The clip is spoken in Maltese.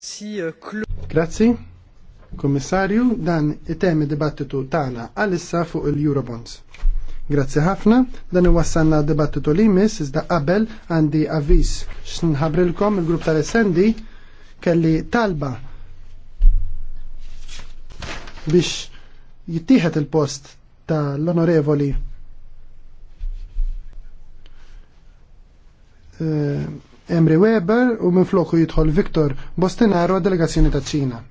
Eh, Grazzi, Kommissarju, dan it-temi dibattitu tagħna għalissa fuq il-Eurobonds. Grazzi ħafna, dan iwassalna dibattitu li mis, iżda qabel għandi avviż x'nħabrilkom il-grupp tal-SND kelli talba biex jittieħed il-post tal-onorevoli uh, Emre Weber u minfloku jidħol Viktor Bostinaro delegazzjoni ta' ċina.